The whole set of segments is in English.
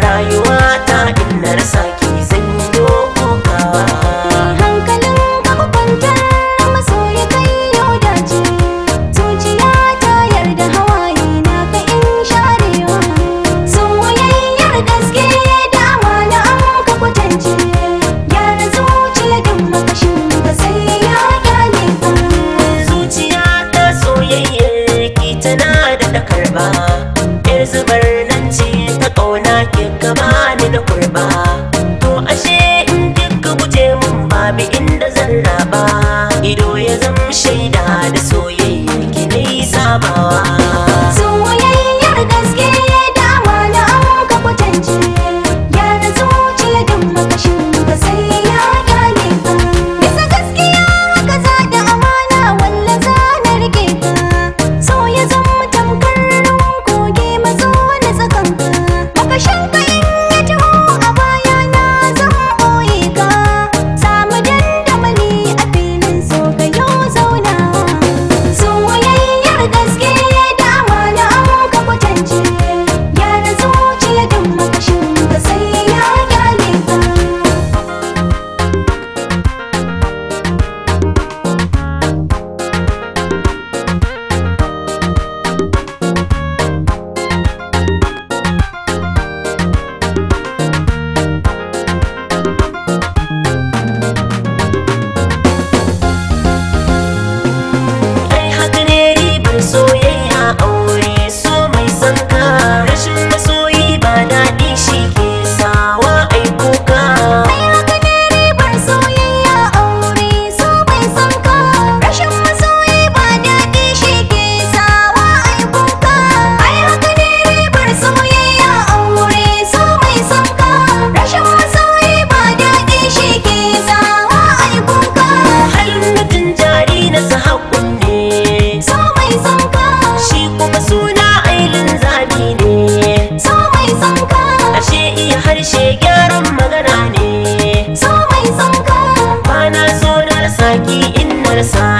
rayuwa ta inna na sake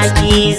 zaki